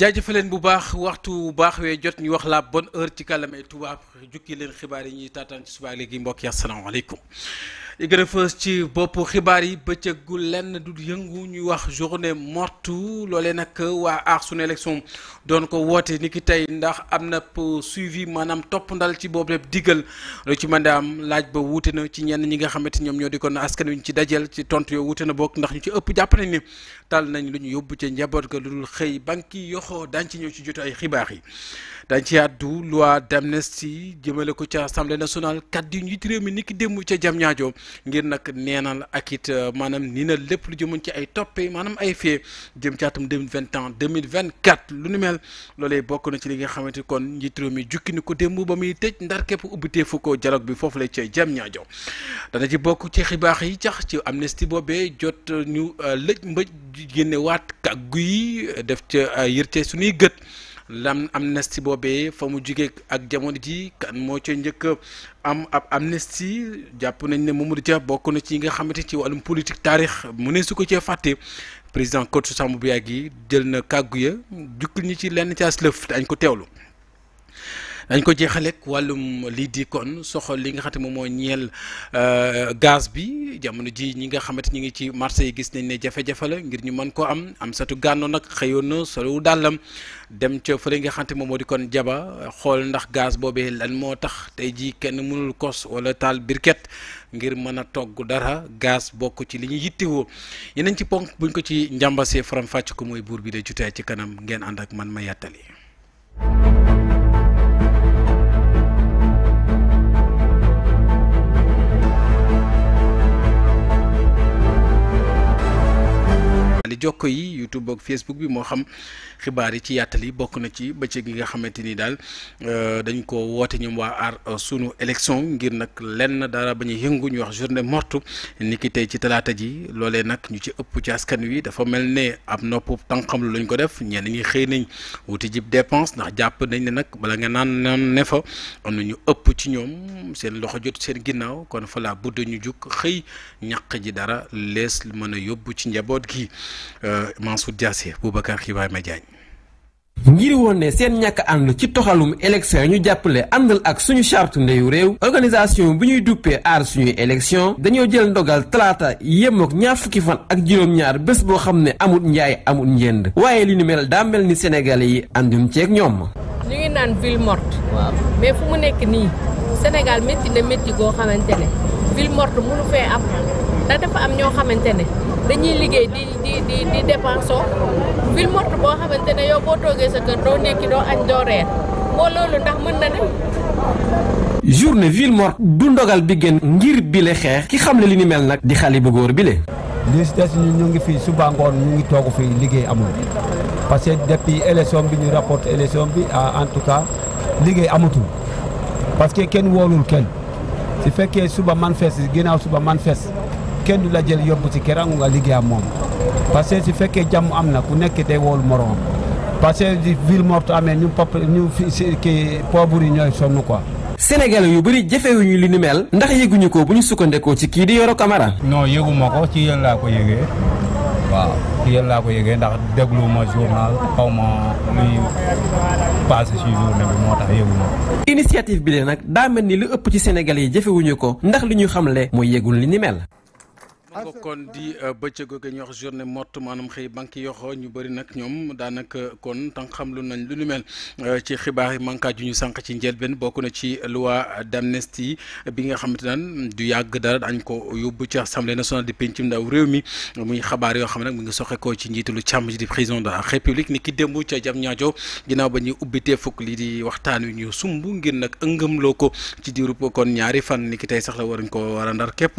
jaajëfaleen bu baax waxtu bu baax wee jot ñu wax la bonne heure ci kàllaamay tubaab jukki leen xibaar yi ñuy taataan ci subaa léegi mbokk yi asalaamaaleykum li gën ci boppu xibaar yi bëccëg gu lenn du yëngu ñuy wax journée morte loolee nag waa aar sunu élection doon ko woote ni ki tey ndax am na suivi maanaam topp ndal ci boobu lépp diggal lu ci mën a am laaj ba wute na ci ñenn ñi nga xamante ñoom ñoo di kon askan wi ñu ci dajeel ci tont yoo wuute na bokk ndax ñu ci ëpp jàpp nañ ni tal nañ lu ñu yóbbu ca njaboot ga lu dul xëy banki yoxoo daañ ci ñëw ci jotu ay xibaar yi dañ ci àddu loi d'amnistie jëmale ko ca assemblée nationale kaddu yi njiitu réew mi ni ki démb ca jam ñaajo ngir nag neenal ak it euh, maanaam nii na lépp lu jëmoon ci ay toppe maanaam ay fee jëm ci atum deux mille vingt ans deux mille vingt quatre lu ni mel loolee bokk na ci li nga xamante kon njiitu réew mi jukki ni ko démb ba muy tëj ndar képp ubbitee fu ko dialogue bi foofu la ca jam ñaajo dana ci bokk ci xibaax yi cax ci amnistie boobee jot ñu euh, lëj mbëj génn waat kàggu yi def ca euh, yërte suñuy gët lam amnistie boobee fa mu jugee ak jamono ji kan moo ca njëkk am ab amnistie jàpp nañ ne moom Mamadou Dia bokk na ci yi nga xamante ci wàllum politique taarix mu ne su ko cee fàtte président Coach Sambou Biagui jël na kàggu ya jukkil ñi ci lenn caas lëf dañ ko teewlu. dañ ko jeexaleeg wàllum lii di kon soxal li nga xamante moom moo ñeel euh, gaz bi jamono ji ñi nga xamante ñi ngi ci marché yi gis nañ ne jafe-jafe la ngir ñu mën koo am am satu gànno nag xëyoon na solowu dàllam dem ca fële nga xamante moom moo di kon jaba xool ndax gaz boobee lan moo tax tey jii kenn mënul kos wala taal birket ngir mën a togg dara gaz bokk ci li ñu yittewoo yeneen ci ponk buñ ko ci njàmbasee faram fàcc ko mooy buur bi de jutee ci kanam ngeen ànd ak man ma yàttali jokko yi YouTube ak Facebook bi moo xam xibaar yi ci yàttal bokk na ci bëccëg yi nga xamante ni daal euh, dañ ko woote ñoom waa aar euh, sunu élection ngir nag lenn dara ba ñu yëngu ñu wax journée morte ni ki tey ci talaata ji loolee nag ñu ci ëpp ci askan wi dafa mel ne ab nopp tànqamlu lañ ko def ñenn ñi xëy nañ wuti jib dépense ndax jàpp nañ ne nag bala nga naan naan ne fa am na ñu ëpp ci ñoom seen loxo jot seen ginnaaw kon fa laa budd ñu jug xëy ñaq ji dara lees mën a yóbbu ci njaboot gi Euh, Mansour Diassé Boubacar Ibrahima Diagne ngir woon ne seen ñàkk ànd ci toxalum élection yi ñu jàppale àndal ak suñu charte ndeyu réew organisation bu ñuy duppee aar suñuy élection dañoo jël ndogal talaata yem ñaar fukki fan ak juróom-ñaar bés boo xam ne amul njaay amul njënd waaye li ni mel daa mel ni sénégalais yi àndum ceeg ñoom. ñu ngi naan ville morte. waaw fu mu nekk nii Sénégal métti na métti goo xamante ne ville morte mënu fee am da dafa am ñoo xamante ne. dañuy liggéey di di di di dépensoo ville morte boo ne yow boo toogee sa kër doo nekki doo añ doo reer boo loolu ndax mën na ne journée ville morte ndogal bi gën ngir bile xeex ki xam ne li ni mel nag di xali bu góor bile li si des ñu ngi fii suba ngoon mu ngi toog fii liggéey amul parce que yi élection bi ñu rapporte élection bi ah, en tout cas liggéey amatul parce que kenn wóolul kenn su fekkee suba man fees ginnaaw suba man kenn du la jël yóbbu si kerangu nga liggéey ak moom parce que su fekkee jàmm am na ku nekk day woolu moroom parce que di ville morte amee ñu pop ñu kii pauvre yi ñooy sonn yu bëri jëfewuñu li ndax yëguñu ko bu ñu sukkandekoo ci kii di Yoro Camara. non yëguma ko ci yéen laa ko yëgee waaw ci yéen laa ko yëgee ndax dégluwuma journal xaw ma luy passé journée bi moo tax yëguma ko. initiative bi de nag daa mel ni lu ëpp ci Sénégalais yi jëfewuñu ko ndax li ñu xamle mooy yëgul li ni ma kon di euh, bëccëg ak ñuy wax journée morte maanam xëy banque yoxo ñu bëri nag ñoom daanaka euh, kon tànk xam lu nañ lu nu mel euh, ci xibaar yi manqué ju ñu sànq ci njëlbeen bokk na ci loi d'amnistie bi nga xamante naan du yàgg dara dañ ko yóbbu ci assemblée nationale di pencum ndaw réew mi muy xabaar yoo xam ne nag mu ngi soxeekoo ci njiitalu càmm ji di prison de la république ni ki démb ca jam ñaajo ginnaaw ba ñuy ubbitee fukk lii di waxtaan wi ñu sumb ngir nag ëngëmloo ko ci diiru kon ñaari fan ni tey sax la waruñ ko war a ndar képp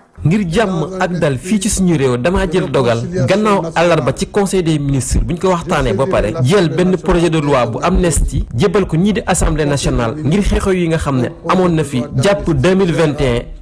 ngir jàmm ak dal fii ci suñu réew damaa jël dogal gannaaw àllarba ci conseil des ministres bu ñu ko waxtaanee ba pare jël benn projet de loi bu amnistie jébbal ko ñii di assemblée nationale ngir xeexoo yi nga xam ne amoon na fi jàpp 2021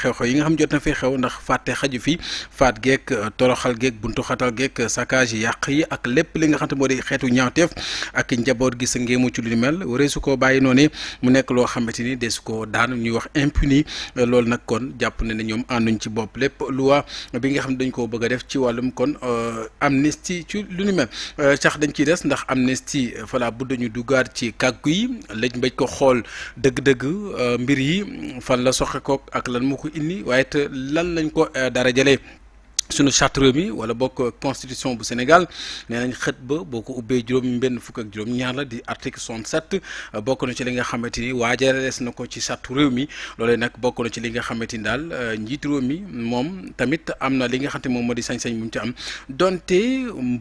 xew-xew yi nga xam jot na fi xew ndax fàtte xaju fi faat geeg euh, toroxal geeg buntu xatal geeg saccage yàq yi ak lépp li nga xam te moo di xeetu ñaawteef ak njaboot gi sa ngéemu ci lu mel waree su ko bàyyi noonu mu nekk loo xamante ni desu ko daan ñuy wax impuni euh, loolu nag kon jàpp na ne ñoom ànduñ ci bopp lépp loi bi nga xam dañ koo bëgga def ci wàllum kon euh, amnistie ci lu ni mel sax dañ ciy des ndax amnistie voilà bu dañu dugaat ci kàggu yi lañ bañ ko xool dëgg-dëgg mbir yi fan ko indi waaye it lan lañ ko euh, dara jëlee suñu charte mi wala bokk constitution bu Sénégal nee nañ xët ba boo ko ubbee juróom benn fukk ak juróom ñaar la di article 67 bokk na ci li nga xamante ni waajalees na ko ci charte réew mi loolee nag bokk na ci li nga xamante ni daal euh, njiitu mi moom tamit am na li nga xamante moom moo di sañ-sañ mu ci am donte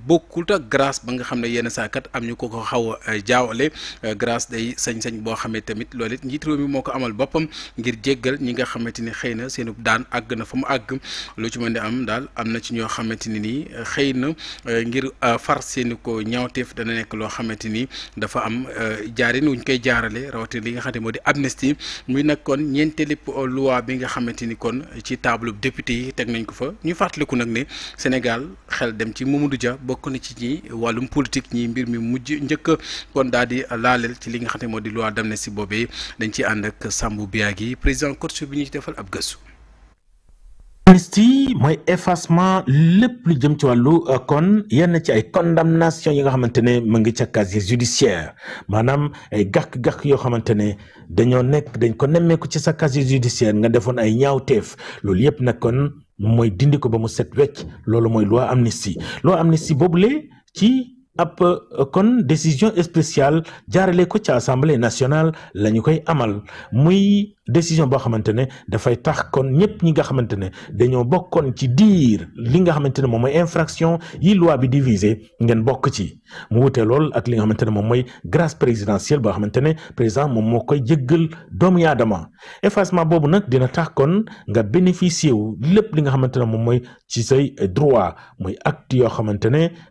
bokkul ak grâce ba nga xam ne yenn saakat am ñu ko ko xaw a euh, jaawale euh, grace day sañ-sañ boo xamee tamit loolu it njiitu réew mi moo ko amal boppam ngir jéggal ñi nga xamante ni xëy na seenu daan àgg na fa mu àgg lu ci mën di am daal am na ci ñoo xamante ni nii euh, xëy na euh, ngir euh, far seeni ko ñaawteef dana nekk loo xamante ni dafa am jaarin wuñ koy jaarale rawatin li nga xam ne moo di amnistie muy nag kon ñeenteelu loi bi nga xamante ni kon ci table député yi teg nañ ko fa ñu fàttaliku nag ne Sénégal xel dem ci Mamadou Dia bokk na ci ñi wàllum politique ñi mbir mi mujj njëkk kon daal di laaleel ci li nga xam ne moo di loi d'amnistie boobee dañ ci ànd ak Sambou gi président Côte bi ñu defal ab gëstu. amnistie mooy effacement lépp lu jëm ci wàllu euh, kon yenn ci ay condamnation yi nga xamante ne ngi casier judiciaire manam gak gak gàkk yoo xamante ne dañoo nek dañ ko nemmeeku ci sa casier judiciaire nga defoon ay ñaawteef loolu yëpp nag kon moi dindi ko ba mu set wecc loolu mooy loi amnistie loi amnistie boobule ci ap euh, kon décision spéciale jarale ko ci assemblée nationale la koy amal muy décision boo xamante da fay tax kon ñepp ñi nga xamante ne dañoo ci diir li nga xamante mom moy infraction yi loi bi diviser ngeen bok ci mu wuté lol ak li nga xamante mom moy grâce présidentielle boo xamante président mom moo koy jëggal doomu effacement bobu nak dina tax kon nga bénéficier wu lepp li nga xamante mom moy ci say droit moy acte yo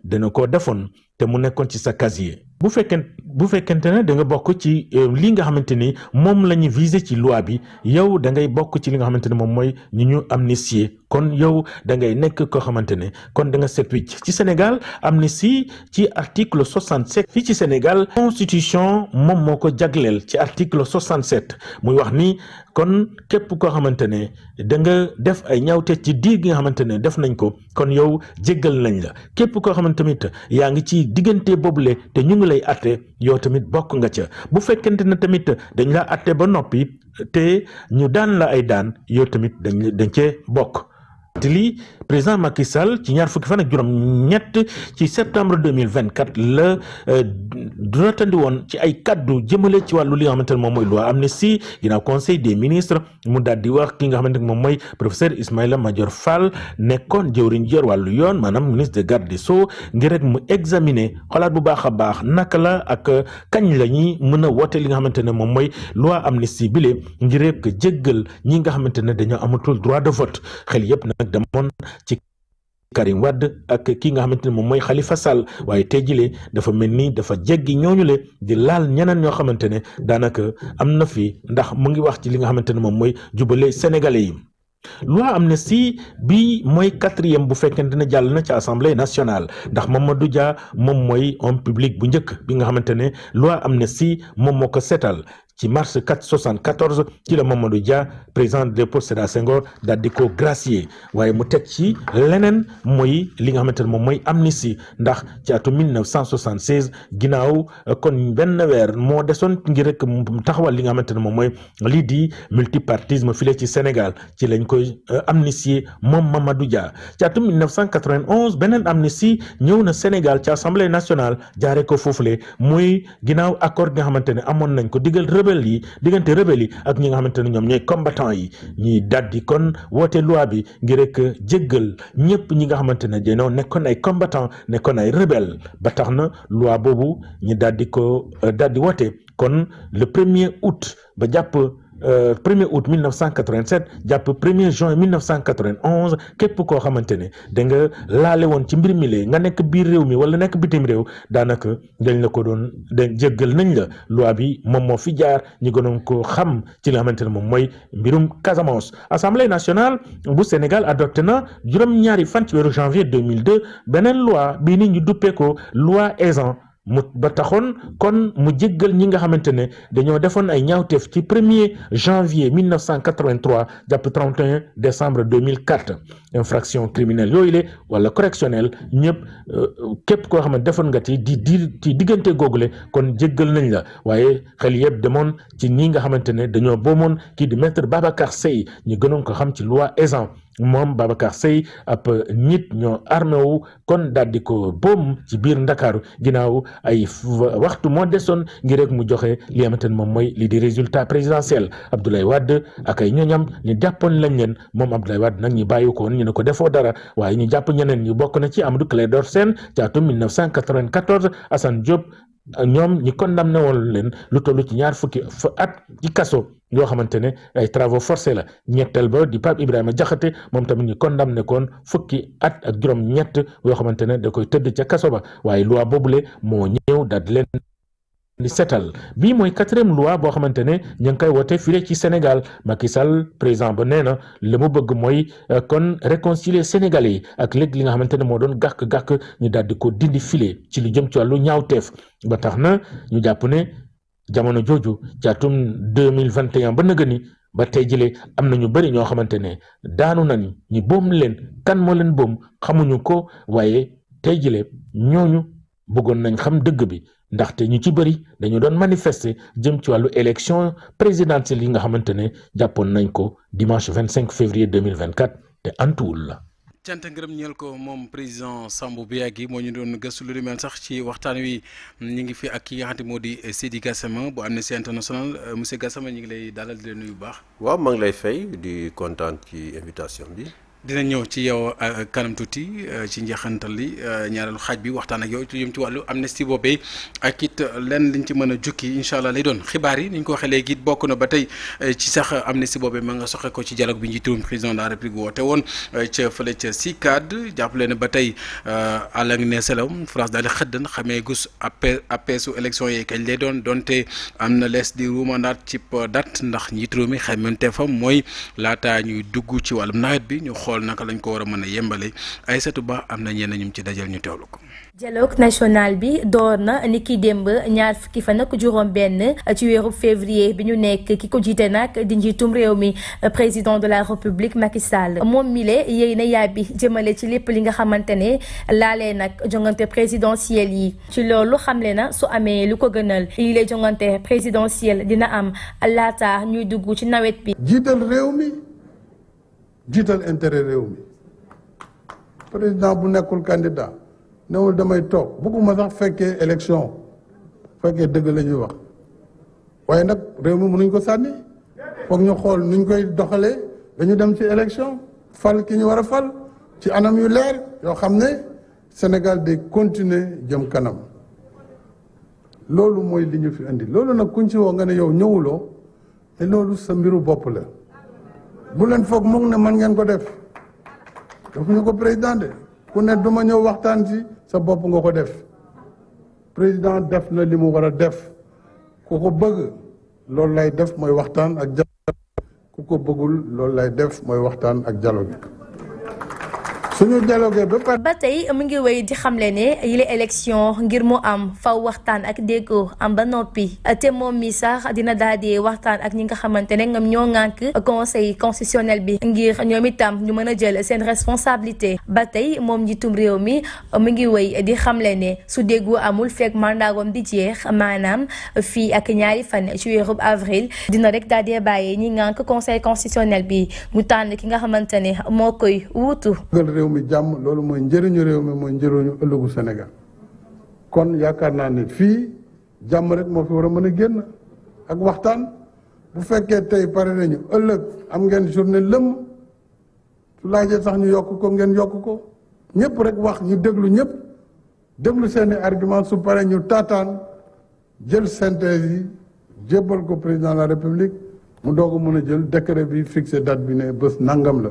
dana ko defon, te mu nekkoon ci sa casier. bu fekkee bu fekkente ne da nga bokk ci euh, lii nga xamante ni moom la ñu visé ci loi bi yow da ngay bokk ci li nga xamante ni moom mooy ñu ñu amnistier kon yow da ngay nekk koo xamante ne kon da nga set wicc ci Sénégal amnistie ci article 67 fii ci Sénégal constitution moom moo ko jagleel ci article 67 muy wax nii kon képp koo xamante ne da nga def ay ñaawte ci diir gi nga xamante ne def nañ ko kon yow jéggal nañ la képp koo xamante tamit yaa ngi ci diggante boobule te ñu ngi lay atte yow tamit bokk nga ca bu fekkente ne tamit dañ la atte ba noppi te ñu daan la ay daan yow tamit dañ dañ cee bokk delete président Macky Sall ci ñaar fukki fan ak juróom-ñett ci septembre deux mille vingt quatre la euh, dina tandi woon ci ay kaddu jëmale ci wàllu li nga xamante ne moom mooy loi amnistie ginnaaw conseil des ministres mu daal di wax ki nga xamante ne moom mooy professeur Ismaïla Madior Fall nekkoon jëwriñ jër wàllu yoon maanaam ministre de garde des sceaux ngir mu examine xalaat bu baax a baax naka la ak euh, kañ la ñuy mën a woote li nga xamante ne moom mooy loi amnistie bile ngir rek jéggal ñi nga xamante ne dañoo amatul droit de vote xel yëpp nag demoon ci Karim wadd ak ki nga xamante ne moom mooy xalifa Sall waaye tey jilee dafa mel nii dafa jéggi ñooñu le di laal ñeneen ñoo xamante ne daanaka am na fi ndax mu ngi wax ci li nga xamante ne moom mooy jubale sénégalais yi. loi amnistie bi mooy quatrième bu fekkente ne jàll na ci assemblée nationale ndax Mamadou Dia moom mooy homme public bu njëkk bi nga xamante ne loi amnistie moom moo ko seetal qui marche 474 ci le Mamadou Dia de dépôt Sédar Senghor d'Adiko gracier waaye mu teg ci leneen mooy li nga xamante à amnistie ndax ci 1976 ginnaaw kon benn weer mo desoon ngir rek taxawal li nga xamantene ne di multipartisme filé ci Sénégal ci lañ koy euh, amnistier mom Mamadou Dia ci 1991 benen amnistie nous na Sénégal ci assemblée nationale jaaré ko foofule moy ginaaw accord nga xamantene amon nañ ko digël rebelle yi diggante rebelle yi ak ñi nga xamante ne ñoom ñooy combattant yi ñuy daddi kon woote loi bi ngir rek jéggal ñëpp ñi nga xamante ne dañoo nekkoon ay combattant nekkoon ay rebelle ba tax na loi boobu ñu daddi ko daddi woote kon le premier août ba jàpp 1er euh, août 1987 1er juin 1991 képp koo xamante ne da nga laale woon ci mbir mi lay nga nekk biir réew mi wala nekk bitim réew daanaka dañ la ko doon de jéggal nañ la loi bi moom moo fi jaar ñi gënoon ko xam ci nga xamante ne moom mooy mbirum Casamance. Assemblée nationale bu Sénégal adopté na juróom-ñaari fan ci janvier 2002 beneen loi bii ni ñu duppee ko loi Ezzan mu ba taxoon kon mu jéggal ñi nga xamantene dañoo defoon ay ñaawteef ci 1er janvier 1983 jàpp 31 décembre 2004 infraction criminelle yooyu le wala correctionnel ñëpp euh, képp koo xam ne defoon nga ci di di ci diggante googule kon jéggal nañ la waaye xel yëpp demoon ci ñi nga xamantene dañoo boomoon kii di maître Babacar sey ñu gënoon ko xam ci loi Ezzan moom Babacar Seye a nit ñoo armé wu kon daal di ko boom ci biir ndakaaru ginnaaw ay waxtu moo desoon ngir rek mu joxe li amante ne moom mooy li di résultat présidentiel Abdoulaye Wade ak ay ñoñam ñu jàppoon lañ leen moom Abdoulaye Wade nag ñu bàyyi ko woon ñu ne ko defoo dara waaye ñu jàpp ñeneen ñi bokk na ci Amadou Clédor Sène ci atum 1994 Assane Diop ñoom ñi condamné woon leen lu toll ci ñaar fukki fa at ci kaso yoo xamante ne ay travaux forcés la ñetteel ba di Pape Ibrahima Jaxate moom tamit kon dam ne koon fukki at ak juróom ñett yoo xamante ne da koy tëdd ca kaso ba waaye loi boobule moo ñëw daal di leen li setal bii mooy quatrième loi boo xamante ne ñu ngi koy woote fii ci Sénégal Macky Sall président ba nee na li mu bëgg mooy euh, kon réconcilier Sénégalais yi ak léegi li nga xamante ne moo doon gàkk-gàkk ñu daal di ko dindi file ci lu jëm ci wàllu ñaawteef ba tax na ñu jàpp ne jamono jooju ci atum mille vingt et un ba ba tey jile am na ñu bëri ñoo xamante ne daanu nañu ñu boom leen kan moo leen boom xamuñu ko waaye tey jile ñooñu bëggoon nañ xam dëgg bi. ndaxte ñu ci bëri dañu doon manifester jëm ci walu élection présidentielle yi nga xamante ne nañ ko dimanche 25 février 2024 té antuwul la. cant ngërëm ñeel ko moom président Sambou Biagui mo ñu doon gëstu lu mel sax ci waxtaan wi ñi ngi fi ak ki nga xanti modi moo di Seydi Gassama bu Amnesty International monsieur Gassama ñi ngi lay dalal de nuyu bu baax. waaw ma ngi lay fay di content ci invitation bi. dina ñëw ci yow euh, kanam tuuti euh, ci njeexantal li euh, ñaareelu xaaj bi waxtaan ak yow ci yëm ci wàllu am si boobee ak it lenn liñ ci mën a jukki incha allah lay doon xibaar yi ni ko waxee léegi bokk na ba tey ci sax amnistie boobee ma nga soxe ko ci dialogue bi njiitu président de la république woote woon ca fële ca jàppale ne ba tey àlang ne selaw France daal di xëddan xamee gus appe appeesu élection yi kañ lay doon donte am na lees di ruumandaat ci date ndax njiitu mi xamante fa mooy laata ñuy dugg ci wàllum nawet bi ñu naka lañ ko Ba am na ci dajal ñu ko. dialogue national bi door na ni ki démb ñaar fukki fan ak ci février bi ñu nekk ki ko jiite nag di njiitum président de la république Macky Sall moom mile yéy na jëmale ci lépp li nga xamante ne laalee nag jongante présidentielle yi ci loolu xamle na su amee lu gënal yi lay jongante présidentiel, dina am ñuy dugg ci nawet bi jiital intérêt réew mi président bu nekkul candidat newul damay toog bëgguma sax fekkee élection fekkee dëgg lañuy wax waaye nag réew mi mënuñ ko sànni foog ñu xool nuñ koy doxalee dañu dem ci élection fal ki ñu war a fal ci anam yu leer yoo xam ne Sénégal day continuer jëm kanam loolu mooy li ñu fi indi loolu nag kuñ ci woo nga ne yow ñëwuloo te loolu sa mbiru bopp la bu leen foog moom ne man ngeen ko def daf ñu ko président de ku ne du ma ñëw waxtaan ci sa bopp nga ko def président def na li mu war a def ku ko bëgg loolu lay def mooy waxtaan ak dialogue ku ko bëggul loolu lay def mooy waxtaan ak jalo bi suñu dialogué ba pare. ba tey mu ngi wéy di xamle ne yile élection ngir mu am faw waxtaan ak déggoo am ba noppi te moom mi sax dina daal di waxtaan ak ñi nga xamante ne ñoom ñoo ŋànk conseil constitutionnel bi ngir ñoom itam ñu mën a jël seen responsabilité ba tey moom njiitum réew mi mu ngi wéy di xamle ne su déggoo amul fekk mandaawam di jeex maanaam fii ak ñaari fan ci weerub avril dina rek daal di bàyyi ñi ŋànk conseil constitutionnel bi mu tànn ki nga xamante ne moo koy wuutu. réew mi jàmm loolu mooy njëriñu réew mi mooy njëriñu ëllëgu Sénégal kon yaakaar naa ne fii jàmm rek moo fi war a mën a génn ak waxtaan bu fekkee tey pare nañu ëllëg am ngeen journée lëmm su laajee sax ñu yokk ko ngeen yokk ko ñëpp rek wax ñu déglu ñëpp déglu seeni argument su paree ñu taataan jël synthèse yi jébbal ko président de la république mu doog mën a jël décret bi fixé date bi ne bës nangam la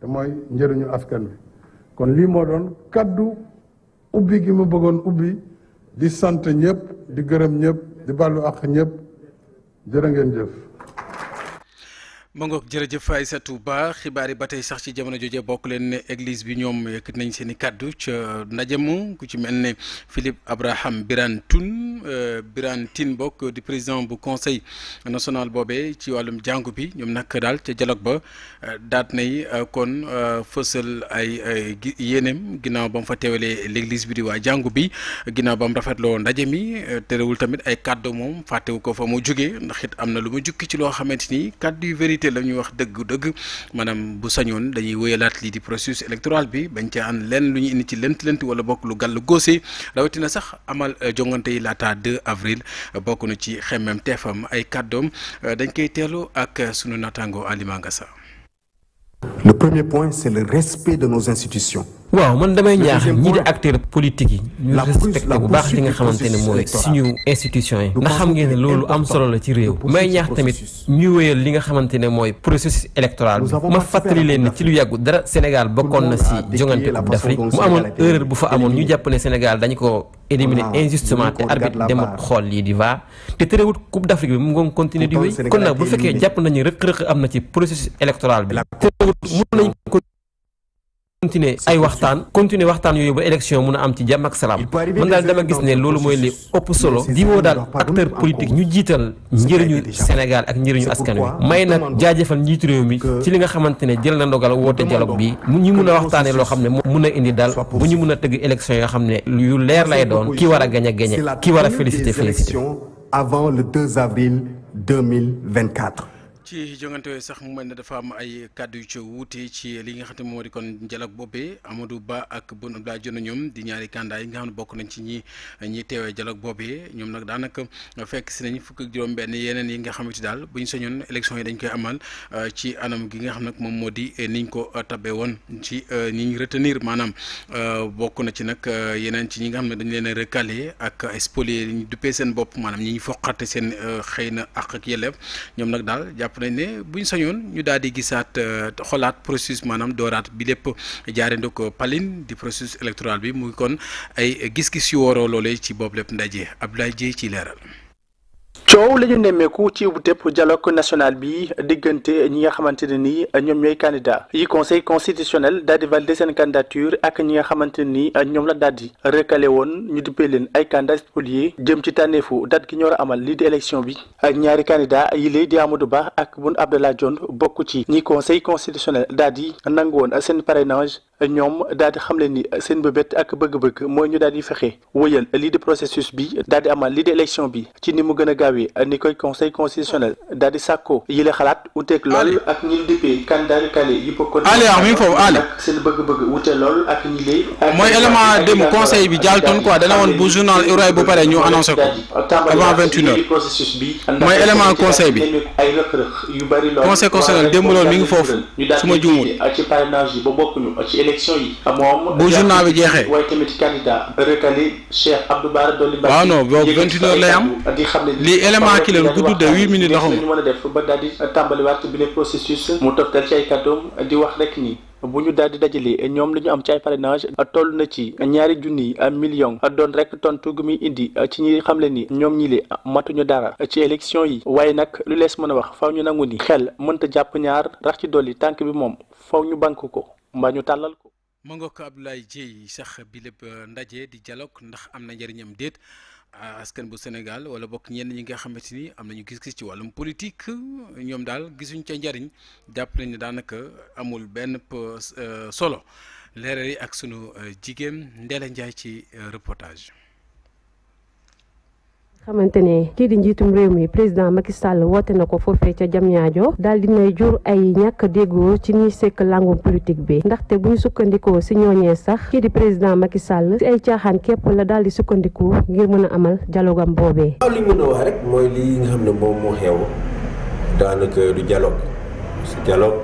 te mooy njëriñu askan wi kon lii moo doon kaddu ubbi gi mu bëggoon ubbi di sant ñëpp di gërëm ñëpp di bàllu ak ñëpp jërë ngeen jëf mangook jërëjëf Aïssatou Ba xibaar yi ba tey sax ci jamono jooje bokk leen ne église bi ñoom yëkkat nañ seen i kàddu ca ndajemu ku ci mel ne Philippe Abraham Birane Tune euh, Birane Tine bokk di président bu conseil national boobe ci wàllum jàngu bi ñoom nag daal ca dialogue ba euh, daat nay euh, kon fësal ay yéeneem ginnaaw ba mu fa teewalee l'église bi di waa jàngu bi ginnaaw ba mu rafetloo ndaje mi terewul tamit ay kàddu moom fàttewu ko fa mu jugee ndax it am na lu mu jukki ci loo xamante ni te la ñuy wax dëgg-dëgg maanaam bu sañoon dañuy wéyalaat lii di processus électoral bi bañ ca an lenn lu ñu indi ci lënt-lënt wala bokk lu gàll góose rawatina sax amal euh, jongante yi laata 2 avril euh, bokk na ci xemmem teefam ay kàddoom euh, dañ koy teelu ak sunu naataango Alima Ngassa le premier point c'est le respect de nos institutions. waaw man damay ñaax ñi di acteurs politiques yi. ñu respecté bu baax li nga xamante ne mooy suñu institution yi. ndax xam ngeen ne loolu am solo la ci réew. may ñaax tamit ñu wéyal li nga xamante ne processus électoral ma fàttali leen ne ci lu yàggu dara Sénégal bokkoon na si jongante Coupe d'Afrique mu amoon erreur bu fa amoon ñu jàpp ne Sénégal dañu ko éliminer ah, injustement te arbitre demut xool lii di va te terewut Coupe d'Afrique bi mu ngoon continuer di wéy kon nag bu fekkee jàpp nañu rëq-rëq am ci processus électoral bi mun nañ ko continuer ay waxtaan continuer waxtaan yooyu ba élection mun a am ci jàmm ak salaam man daal dama gis ne loolu mooy li ëpp solo di woo daal acteur politique ñu jiital njëriñu Sénégal ak njëriñu askan wi may nag jaajafal njiitu réew mi ci li nga xamante ne jël na ndogal woote dialogue bi ñu mun a waxtaanee loo xam ne mun a indi daal bu ñu mun a tëgg élection yoo xam ne yu leer lay doon ki war a gañ a gañe ki war a félicité félicité avant le 2 avril 2024 ci jongante yooyu sax mu mel ne dafa am ay kàddu yu ci wuute ci li nga xam ne moo di kon dialogue boobee Amadou Ba ak Boun Abdallah Dionne ñoom di ñaari candidat yi nga xam ne bokk nañ ci ñi ñi teewee dialogue boobee ñoom nag fekk si nañ fukk ak juróom-benn yeneen yi nga xamante daal bu ñu sañoon élection yi dañ koy amal euh, ci anam gi nga xam nag moom moo di euh, niñ ko euh, tabe woon ci ñi ñu retenir maanaam bokk na ci nag yeneen ci ñi nga xam ne dañu leen a recalé ak ay spolié ñu duppee seen bopp maanaam ñi ñu foqate seen xëy na ak ak ñoom nag daal jàpp jàpp nañ ne buñ sañoon ñu daal di gisaat euh, xolaat processus maanaam dooraat bi lépp jaaree ko Paline di processus électoral bi muy kon ay gis-gis yu waroo ci boobu lépp ndaje Abdoulaye Dieye ci leeral. coow la ñu nemmeeku ci wuteb dialogue national bi diggante ñi nga xamante ne ni ñoom ñooy candidat yi conseil constitutionnel daal di valider seen candidature ak ñi nga xamante ne ni ñoom la daal di recalé woon ñu dippee leen ay candidats spoliés jëm ci tànneefu date gi ñor a amal lii di élection bi ak ñaari candidat yi lay di Amadou Ba ak Boun Abdallah Dionne bokk ci ñi conseil constitutionnel daal di nangu woon seen parrainage ñom daal di xam leen ni seen bëbét ak bëgg-bëgg mooy ñu daal di fexe wëyal li de processus bi daal di amal li de élection bi ci ni mu gën a gaawee ni koy conseil constitutionnel daal di sàkko yi la xalaat wuteeg lool ak ñi dippee candidat yu kale yi bokkoon ali ah mi ngi foofu seen bëgg-bëgg wute lool ak ñi lé mooy élément dem conseil bi jaaltoon quoi dana woon bu journal Uray bu paré ñu annoncé ko avant 21 une heures processus bi mooy élément conseil bi ay rëq-rëq yu bari lool conseil constitutionnel dem lool mi ngi foofu su ma juumul ci parrainage yi ba bokkuñu élection yi. moom ah, bu journal bi jeexee. waaye tamit candidat recalé Cheikh Abdou Bara doli Mbacké. waaw non boobu vingt heures lay am di xam ne lii élément ki leen gudd de huit minutes la xam ñu mën a def ba daal di tàmbaliwaat bi le processus mu toftal ci ay kàddoom di wax rek ni bu ñu daal di dajalee ñoom la ñu am ci ay parrainage toll na ci ñaari junni million doon rek tontu gu muy indi ci ñi xam le ni ñoom ñi le matuñu dara ci élection yi waaye nag lu lees mën a wax faw ñu nangu ni xel mënta jàpp ñaar rax ci dolli tànk bi moom faw ñu bank ko mbaa ñu tàllal ko ma nga ko Abdoulaye Dieye sax bi lépp euh, ndaje di jaloog ndax am na njëriñam déet askan bu Sénégal wala bokk ñenn ñi nga xamante ni am nañu gis-gis ci wàllum politique ñoom daal gisuñ ca njariñ jàpp nañ ne daanaka amul benn euh, solo leeral yi ak sunu euh, jigéen Ndéla Ndiaye ci reportage xamante ne kii di njiitum réew mi président Macky Sall woote na ko foofee ca Diamniadio daal dinay jur ay ñàkk déggoo ci ñi sekk langum politique bi ndaxte bu sukkandikoo si ñooñee sax kii di président Macky Sall si ay caaxaan képp la daal di sukkandiku ngir mën a amal jaloogam am boobee. waaw li mën a wax rek mooy lii nga xam ne moom moo xew daanaka du dialogue si dialogue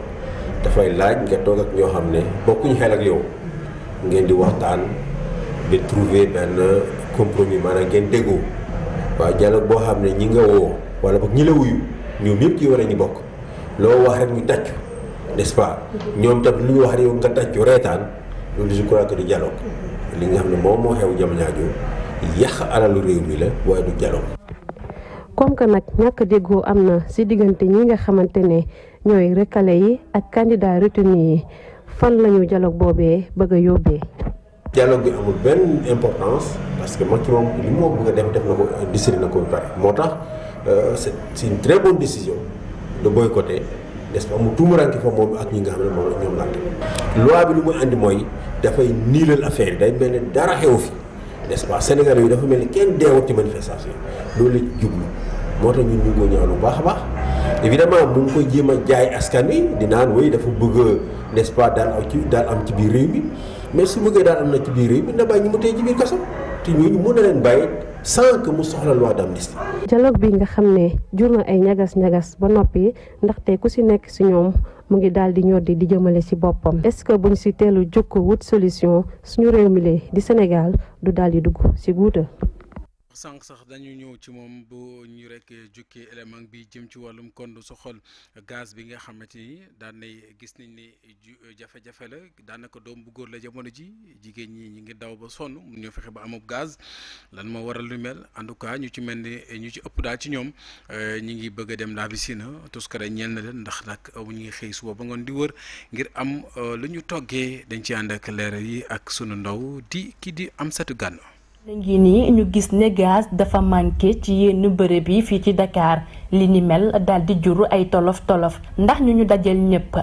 dafay laaj nga toog ak ñoo xam ne bokkuñ xel ak yow ngeen di waxtaan benn wa dialogue bo xamne ñi nga wo wala bok ñi la wuyu ñoom ñepp ci wara ñi bok lo wax rek ñu tacc n'est-ce pas ñoom tam lu wax rek nga tacc reetaan lu je crois que du dialogue li nga xamne mo mo xew jam ñaaju jooju yàq lu rew mi la waaye du dialogue. comme que nak ñak déggoo amna ci digënté ñi nga xamantene ñoy rekalé yi ak candidat retenu yi fan lañu dialogue bobé bëgg yobé dialogue bi amul benn importance parce que Macky moom li moo bëgg a def def na ko décidé na ko ba pare moo tax euh, c'est une très bonne décision de boycotter n'est-ce pas mu tuumaranke fa moom ak ñi nga xam ne moom la ñoom lu muy indi mooy dafay niilal affaire day beneen ne dara xew fi n'est-ce pas Sénégal yi dafa mel ni kenn deewut ci manifestation yi loolu jublu moo tax ñun ñu ngi ko ñaaw lu baax a baax. évidemment mu ngi koy jéem a jaay askan wi di naan woy dafa bëgg n'est-ce pas daal am ci daal am ci biir réew mi. mais su bëggee daan am na ci biir yi mën na bàyyi ñu mu tey ci biir kaso te ñooñu mën na leen bàyyi sans que mu soxla loi d'amnistie. dialogue bi nga xam ne jur na ay ñagas-ñagas ba noppi ku si nekk si ñoom mu ngi daal di ñoddi di jëmale si boppam est-ce que buñ si teelu jukk wut solution suñu réew mi di Sénégal du daal di dugg si guuta sànq sax dañu ñëw ci moom bu ñu rek jukkee élément bi jëm ci wàllum kon soxal gaz bi nga xamante ni daan nay gis nañ ne jafe-jafe la daanaka doom bu góor la jamono ji jigéen ñi ñu ngi daw ba sonn mun ñoo fexe ba amub gaz lan moo waral lu mel en tout cas ñu ci mel ni ñu ci ëpp daal ci ñoom euh, ñu ngi bëgg a dem laa bi sina tuskare ñeel na leen ndax nag ñu ngi xëy suba ba ngoon di wër ngir am euh, lu ñu toggee dañ ci ànd ak leeral yi ak sunu ndaw di ki di am setu gànn ngi nii ñu gis ne gaz dafa manqué ci yenn bërëb yi fii ci Dakar li ni mel daal di jur ay tolof tolof ndax ñu ñu dajal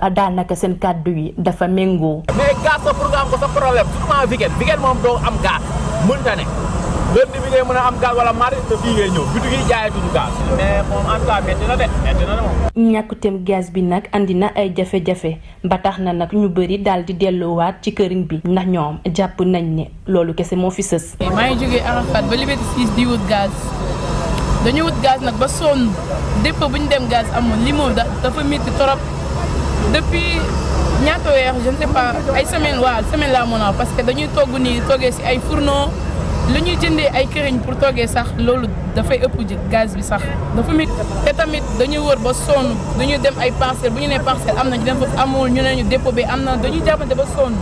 a daanaka seen kàddu yi dafa méngoo. mais gaz sa pour ko sa problème surtout weekend weekend moom doo am gaz mënta ne. lundi bi ngay mën a am gaz wala mardi te fii ñëw ñàkkuteem gaz bi nag indi na ay jafe-jafe ba tax na nag ñu bëri daal di delluwaat ci këriñ bi ndax ñoom jàpp nañ ne loolu kese moo fi sës. maa ngi jógee Arafat ba Liberté 6 di wut gaz dañu wut gaz nag ba sonn dépp bu dem gaz amoon li dafa métti trop depuis. ñaata weer je ne sais ay semaine waa semaine laa mën a parce que dañuy togg nii toggee ci ay fourneau li ñuy jëndee ay këriñ pour toggee sax loolu dafay ëpp ji gaz bi sax dafa mit te tamit dañuy wër ba sonn dañuy dem ay parcelle bu ñu nee parcelle am na ñu dem foofu bi am na dañuy jàppante ba sonn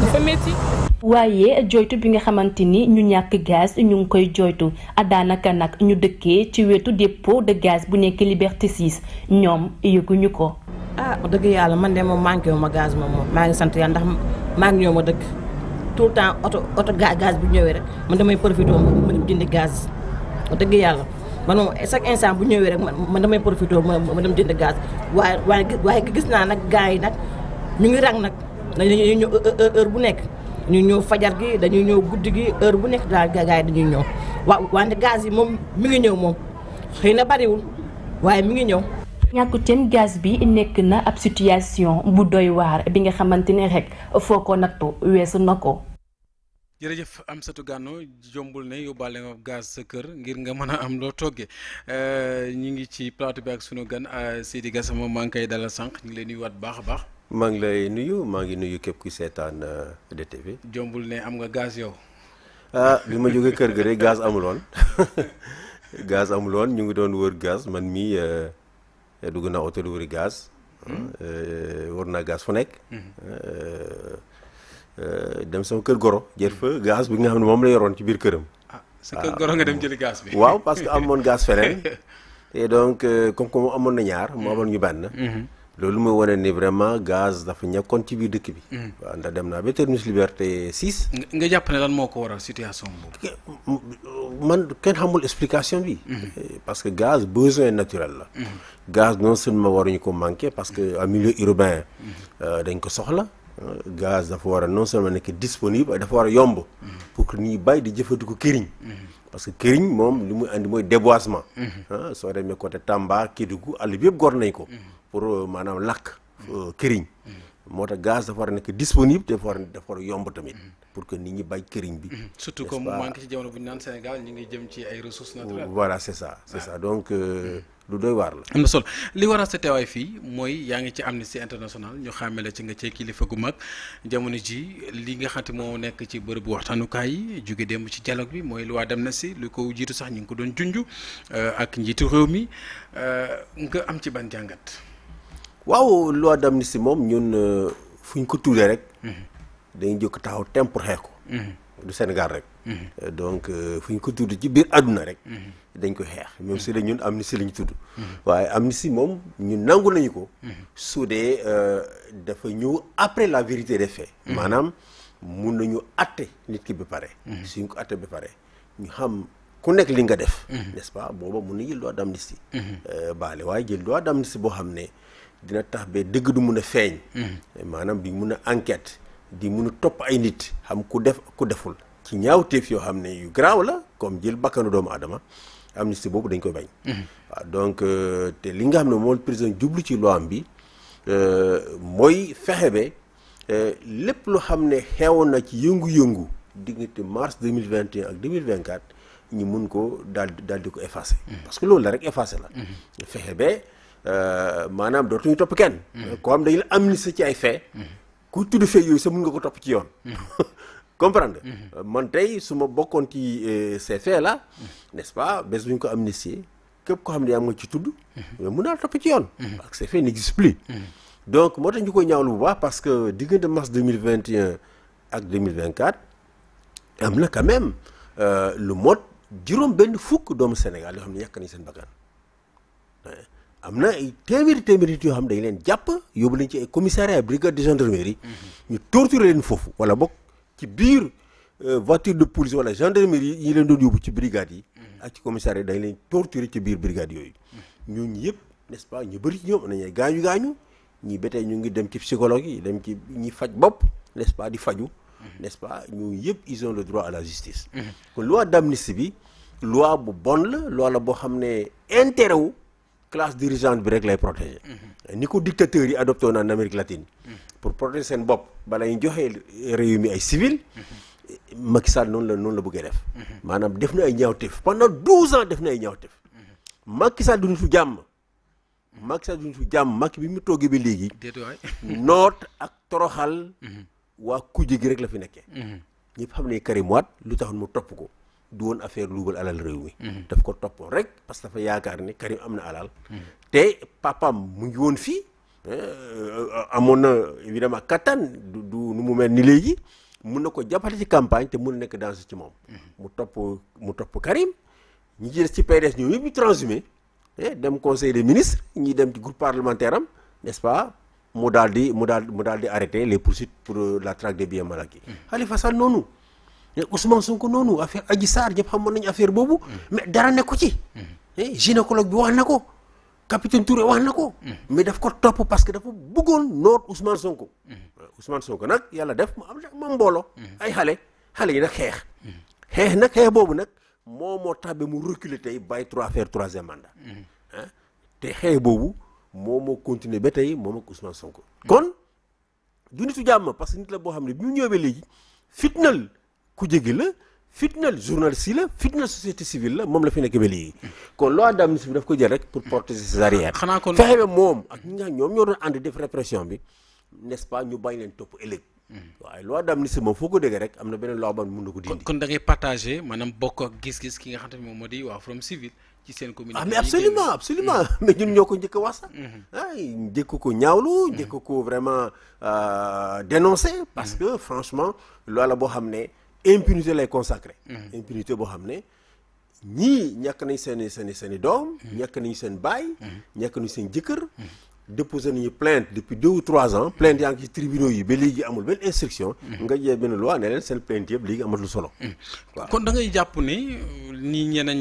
dafa métti. waaye joytu bi nga xamante ni ñu ñàkk gaz ñu ngi koy joytu daanaka nag ñu dëkkee ci wetu dépôt de gaz bu nekk Liberté 6 ñoom yëguñu ko. ah dëgg yàlla man de moom manqué wu ma gaz moom maa ngi sant yàlla ndax maa ngi ñëw ma dëkk. tout le temps oto oto gaz bu ñëwee rek man damay profité ma dem jënd gaz wax yàlla man moom chaque instant bu ñëwee rek man damay profité ma ma dem jënd gaz waaye waaye waaye gis naa nag gars yi nag ñu ngi rang nag dañuy ñëw heure bu nekk ñu ñëw fajar gi dañuy ñëw guddi gi heure bu nekk daal gars yi dañuy ñëw wa wante gaz yi moom mi ngi ñëw moom xëy na bariwul waaye mi ngi ñëw ñàkkuteem gaz bi nekk na ab situation bu doy waar bi nga xamante ne rek foo ko nattu weesu na ko. jërëjëf am Amsatou Gano jombul ne yóbbaale nga gaz sa kër ngir nga mën a am loo toggee euh, ñu ngi ci plateau bi ak sunu gan euh, Seydi Gassama maa ngi koy dalal sànq ñu ngi lay nuyuwaat baax a baax. maa ngi lay nuyu maa ngi nuyu képp ku seetaan euh, DTV. jombul ne am nga gaz yow. ah bi ma jógee kër ga rek gaz amuloon gaz amuloon ñu ngi doon wër gaz man mii. Eh, dugg naa oto di wuri gaz. Hmm? Eh, war naa gaz fu nekk. Hmm. Eh, dem sama kër goro jël fa hmm. gaz bi nga xam ne moom la yoroon ci biir këram. ah sa kër goro nga dem jëli gaz bi. waaw parce que amoon gaz feneen. et donc comme comme amoon na ñaar mu amoon ñu benn. loolu mooy wane ni vraiment gaz dafa ñekkoon ci biir dëkk bi. waaw ndax dem naa ba terminus liberté 6. nga jàpp ne lan moo ko waral situation boobu. man kenn xamul explication bi. parce que gaz besoin naturel la gaz non seulement waruñu ko manquer parce que en milieu urbain mhm. euh dañ ko soxla euh, gaz dafa war non seulement nekk disponible dafa war yomb mhm. pour que ñuy bàyyi di jëfandiku këriñ mhm. parce que këriñ mom li muy andi moy déboisement hein ah, so demee côté Tamba Kédougou àll bi yëpp gor nañ ko pour euh, manam lakk euh, këriñ moo gaz dafa war a nekk disponible dafa war a dafa war a yomb tamit pour que nit ñi bay këriñ bi. Mm-hmm. surtout comme mu manqué ci jamono bu ñu naan Sénégal ñu ngi jëm ci ay ressources naturelles. voilà c' est ça c' est ah. ça donc euh, mm-hmm. lu doy waar la. am na solo li waral sa teewaay fii mooy yaa ngi ci Amnesty International ñu xàmmee la ci nga cee kilifa gu mag jamono ji li nga xam te moo nekk ci bërëbu waxtaanukaay yi jóge démb ci dialogue bi mooy loi d'amnistie lu ko jiitu sax ñu ngi ko doon junj euh, ak njiitu réew mi euh, nga am ci ban jàngat. waaw loi d'amnistie moom ñun fu ñu ko tuddee rek. Mm-hmm. dañuy jëkk taxaw tem pour xeex ko. Mhm. du Sénégal rek. Mhm. donc euh, fu ñu ko tudd ci biir àdduna rek. Mhm. dañ koy xeex même si la ñun amnistie la ñu tudd. waaye am amnistie moom ñun nangu nañu ko. su dee euh, dafa ñëw après la vérité des faits. maanaam mun nañu atte nit ki bi pare. suñ ko atte ba pare ñu xam ku nekk li nga def. n'est-ce pas booba mun na jël droit d'amnistie. Euh, baale waaye jël droit d'amnistie boo xam ne dina tax ba dëgg du mun a feeñ. maanaam duñ mun a enquête. di mun topp ay nit xam ku def ku deful ci ñaaw ñaawteef yoo xam ne yu garaaw la comme jël bakkanu doomu aadama amnistie boobu dañ koy bañ. Mhm. donc euh, te li nga xam ne moom président jublu ci loi am bi euh, mooy fexe ba euh, lépp lu xam ne xewoon na ci yëngu-yëngu diggante mars deux mille vingt un ak deux mille vingt ñu mun ko dal daldi ko effacer. Mhm. parce que loolu la rek effacer la. Mhm. fexe ba maanaam dootuñu topp kenn. koo xam dañu la amnistie ci ay fait. tout de fait, c'est mon gros topion. Comprendre. mon ce mot bon qui s'est fait là, n'est-ce pas? Besoin qu'on amnésie, que pour amener à mon tout doux, mon autre topion. C'est fait, n'existe plus. Donc, moi, je ne connais pas le parce que du mois de mars 2021 à 2024, il a quand même euh, le mode du rond ben fouque dans le Sénégal. Il y a quand même une bagarre amna na ay téeméeri téeméeri nit xam dañ leen japp yóbbu ci ay commissariat brigade de gendarmerie mhm. ñu torturer leen fofu. wala bok ci biir euh, voiture de police wala gendarmerie yi leen doon yobu ci brigade yi mhm. ak ci commissariat dañ leen torturer ci biir brigade yoyu mhm. ñooñu yëpp n'est-ce pas ñu bari ci ñoom am nañu ay gaañu gaañu ñi bété ñu ngi dem ci psychologue yi dem ci ñi faj bop n'est-ce pas di faju n'est-ce pas ñooñu yëpp ils ont le droit à la justice kon loi d'amnistie bi loi bu bon la loi la boo xam ne intérêt wu classe dirigeante bi rek lay protéger. Mhm. ni ko dictateurs yi adopté woon en Amérique latine. Mhm. pour protéger seen bopp bala ñu joxe réew mi ay civil. Mhm. Macky Sall noonu la noonu la bëggee def. maanaam def na ay ñaawteef pendant douze ans def na ay ñaawteef. Macky Sall duñu fi jàmm. Macky Sall duñu fi jàmm Macky bi mu toogee ba léegi. noot ak toroxal. waa kujje gi rek la fi nekkee. ñëpp xam ne Karim Wade lu taxoon mu topp ko. du woon affaire luubal alal réew mi. Mhm. daf ko toppoon rek parce que dafa yaakaar ni Karim am na alal. Mhm. te papam mu ngi woon fii. Eh, amoon na évidemment kattan du du nu mu mel ni léegi mun na ko jàppale ci campagne te mun nekk dans ci moom. Mhm. mu topp mu topp Karim ñi ci des ci PDS ñoom yëpp ñu transhumé eh, dem conseil des ministres ñi dem ci groupe parlementaire am nest pas. mu daal di mu daal mu daal di arrêter les poursuites pour euh, la traque des biens mal acquis. Khalifa noonu. Ousmane Sonko noonu affaire Adji Sarr xam xamoon nañu affaire boobu. mais dara ne ko ci. Eh, gynécologue bi wax na ko. capitaine Touré wax na ko. mais daf ko topp parce que dafa bëggoon noot Ousmane Sonko. Euh, Ousmane Sonko nag yàlla def mu am la ma mbooloo. ay xale xale yi nag xeex. xeex nag xeex boobu nag moo moo tax ba mu reculer tey bàyyi trois faire troisième mandat. te xeex boobu moo moo continuer ba tey moom ak Ousmane Sonko. kon du nitu jàmm parce que nit la boo xam ne bi mu ñëwee léegi fitnal. kuje gi la fitnal journaliste yi la fitnal société civile la moom la fi nekk ba léegi loi d'amnistie bi daf ko jël rek pour porter ses arrières. xanaa kon fexe ba moom ak ñi ñoo doon ànd def répression bi n'est-ce pas ñu bàyyi leen topp ëllëg. waaye loi d'amnistie moom foo ko déggee rek am na loi ban mun na ko dindi. kon da ngay partagé maanaam bokk gis-gis ki nga xam te ne moom moo di Civil. ci seen communauté ah mais absolument absolument mais ñun ñoo ko njëkk a wax sax ah njëkk ko ñaawlu njëkk ko vraiment euh, dénoncer parce mhm. que franchement loola boo xam ne impunité lay consacrer mm-hmm. impunité bo xamné ne ñak nañ seen i seen i seen i doom mm-hmm. ñàkk nañu seen baay mm-hmm. ñàkk nañu seen jëkkër déposé nañu plainte depuis 2 ou 3 ans plainte yaa ci tribunaux yi ba léegi amul ben instruction nga jé ben loi né leen seen plainte yëpp léegi amatul solo kon da ngay japp ni euh, ni ñeneen